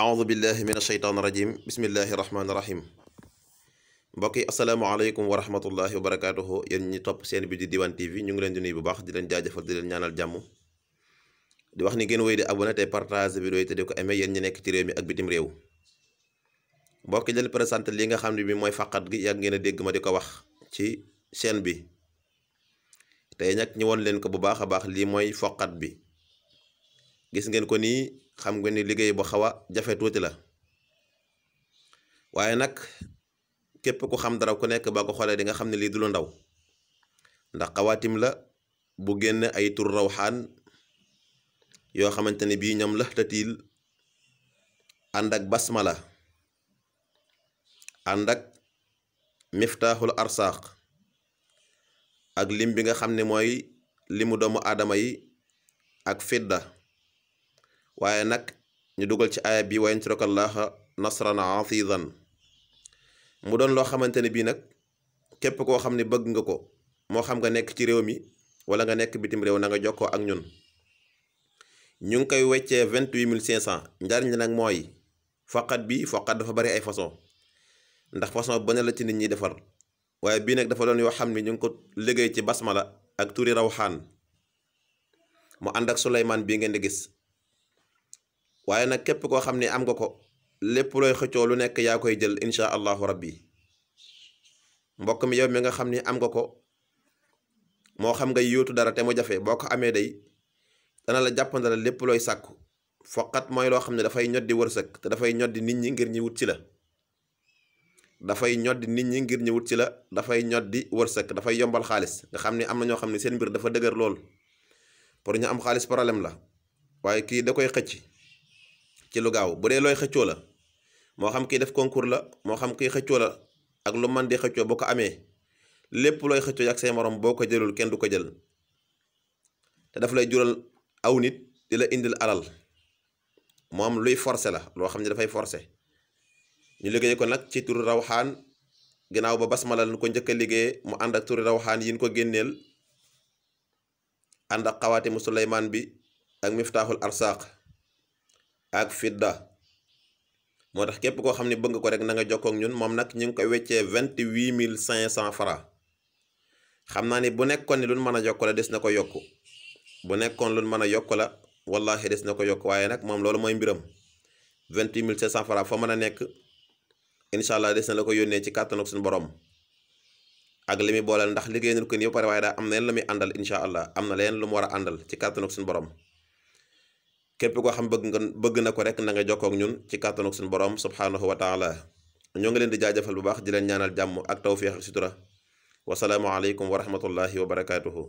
aoudu billahi min asheytaani rajim bismillahi rahmaani rahim mbokk yi asalaamaaleykum wa rahmatullahi wa barakaatuhu yéen ñi topp seen bi di Diwane TV ñu ngi leen di nuyu bu baax di leen jaajëfal di leen ñaanal jàmm di wax ni ngeen wéy di abonné tey partage vidéo yi te di ko amee yéen ñi nekk ci réew mi ak bitim réew mbokk yi leen présenté li nga xam ne bi mooy faqat gi yàgg ngeen a dégg ma di ko wax ci seen bi tey nag ñi woon leen ko bu baax a baax lii mooy foqat bi xam nga ni liggéey bu xaw a jafe tuuti la waaye nag képp ku xam dara ku nekk ba ko xoolee di nga xam ne lii dula ndaw ndax xawaatim la bu génn ay tur rawxaan yoo xamante ne bii ñoom laxtatiil ànd ak basmala ànd ak miftaaxul arsaq ak lim bi nga xam ne mooy limu doomu aadama yi ak fidda waaye nag ñu dugal ci aaya bi wa yansuraka llaaha nasran aziizan mu doon loo xamante ne bii nag képp koo xam ne bëgg nga ko moo xam nga nekk ci réew mi wala nga nekk bitim réew na nga jokkoo ak ñun ñu ngi koy weccee vingt huit mille cinq cent njariñ la nag mooy foqat bi foqat dafa bari ay façon ndax façon bu ne la ci nit ñi defar waaye bii nag dafa doon yoo xam ne ñu ngi ko liggéey ci basmala ak turi rawxaan mu ànd ak Suleymaan bii ngeen di gis waaye nag képp koo xam ne am nga ko lépp looy xëccoo lu nekk yaa koy jël incha allahu rabbi mbokk mi yow mi nga xam ni am nga ko moo xam nga yóotu dara te mu jafe boo ko amee day dana la jàppandala lépp looy sàkku foqat mooy loo xam ne dafay ñoddi wërsëg te dafay ñoddi nit ñi ngir ñi wut ci la dafay ñoddi nit ñi ngir ñi ci la dafay ñoddi wërsëg dafay yombal xaalis nga xam ni am na ñoo xam ne seen mbir dafa dëgër lool pour ñu am xaalis problème la waaye kii da koy xëcc ci lu gaaw bu dee looy xëccoo la moo xam kii def concours la moo xam ki xëccoo la ak lu man di xëccoo boo ko amee lépp looy xëccoo ak say morom boo ko jëlul kenn du ko jël te daf lay jural aw nit di la indil alal moom luy forcé la loo xam ne dafay forcé ñu liggéey ko nag ci turu rawxaan ginnaaw ba basmala lañ ko njëkk a liggéey mu ànd ak turu rawxaan yi ñu ko génneel ànd ak xawaati mu Suleymaan bi ak miftaaxul arsaq ak fidda moo tax képp koo xam ne bëgg ko rek na nga jokkoo ñun moom nag ñu ngi koy weccee vingt huit mille cinq cent francs xam naa ni bu nekkoon ni luñ mën a yokk la des na ko yokk bu nekkoon luñ mën a yokk la wallaahi des na ko yokk waaye nag moom loolu mooy mbiram vingt huit mille cinq cent foo mën a nekk incha allah des na la ko yónnee ci kàttan ak suñu borom ak li muy booleel ndax liggéey nañu ko nii ba pare waaye daa am na leen lu muy àndal incha allah am na leen lu mu war a àndal ci kàttan borom. képp koo xam bëgg nga bëgg na ko rek na nga jokkoo ak ñun ci kàttanu ak suñu borom subhaanahu wa taala ñoo ngi leen di jaajëfal bu baax di leen ñaanal jàmm ak tawfiix ak sutura wasalaamu aleykum wa rahmatullahi wa barakaatuhu